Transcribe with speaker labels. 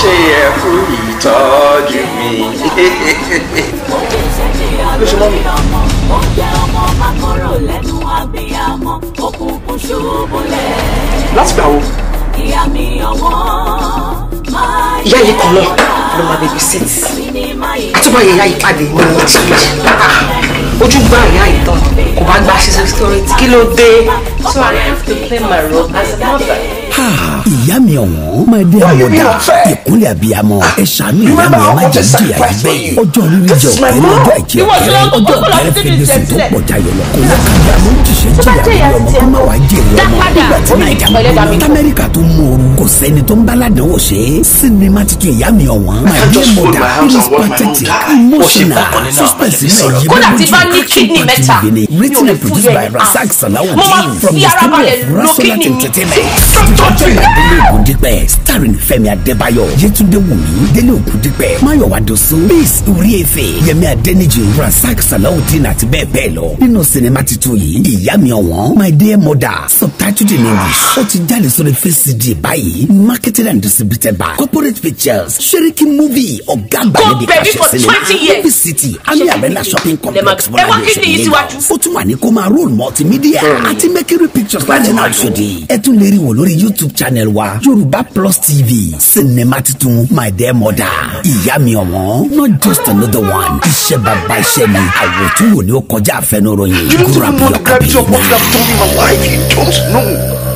Speaker 1: ṣé ẹ kú ìtọ́jú mi. ló ṣe mọ́ mi. láti gbà wo. ìyá yìí kan náà ló máa bèbí sẹ́ẹ̀tì àtúbọ̀ ìyá yìí pàdé ní ọ̀nà tí ó yẹ ah, ah. ojú gbá ìyá ìtàn kò bá gba ṣiṣẹ́ storage kí ló dé. So I have to play my role as a mother ìyá mi ọ̀hún máa dé àmọ̀dá ìkúnlẹ̀ àbíyamọ ẹ ṣàánú ìyá mi ẹ má jẹ́ jìyà bẹ́ẹ̀ ọjọ́ rírí jẹ òkèrè ọjọ́ ìjẹ òkèrè ọjọ́ ìkẹrẹfẹ lóṣù tó pọ̀ jayọ̀ lọ kò lọ́kàn yà ló ń jìṣẹ́ jìyà lọ́mọ kó má wàá jèrè ọmọ ti naija tamẹ́ríkà tó mú ooru kò sẹ́ni tó ń bá ládàáwò ṣe sinimá titun ìyá mi ọ̀wọ́n my dear mother feels pathetic emotional suspense náà yí bẹ́ẹ̀ ní ọjọ́ kidney mẹ́ta written and produced by Rasak ah, Salawudeen from the studio of Rasolat entertainment tọ́jú ìdílé ògùndípẹ̀ starring Fẹ́mi Adébáyọ̀ Yétúndé Wùmí Délé Ògùndípẹ̀ Máyọ̀wá Doso Peace Uriyefe Yẹmí Adẹ́nìjì Rasak Salawudeen àti bẹ́ẹ̀ bẹ́ẹ̀ lọ nínú sinimá titun yìí ìyá mi ọ̀wọ́n my dear mother subtitled in Ah. ó ti jáde sórí face cd báyìí marketed and distributed by corporate pictures seriki movie ọ̀gá àgbà níbi kàṣẹ sílẹ̀ movie city ami abẹ́là shopping complex bọ́lá ní ìṣẹ̀lẹ̀ Lagos ó tún wà ní koma roll multimedia hmm. àti mercury pictures láti náà ṣòdì ẹ tún lè rí wò lórí youtube channel wa yorùbá plus tv sinimá titun my dear mother ìyá mi ọ̀wọ́n not just another one iṣẹ́ bàbá iṣẹ́ mi àwòtúwò ni ó kọjá àfẹnuròyìn. you don't want to grab your work up to me my life you don't know.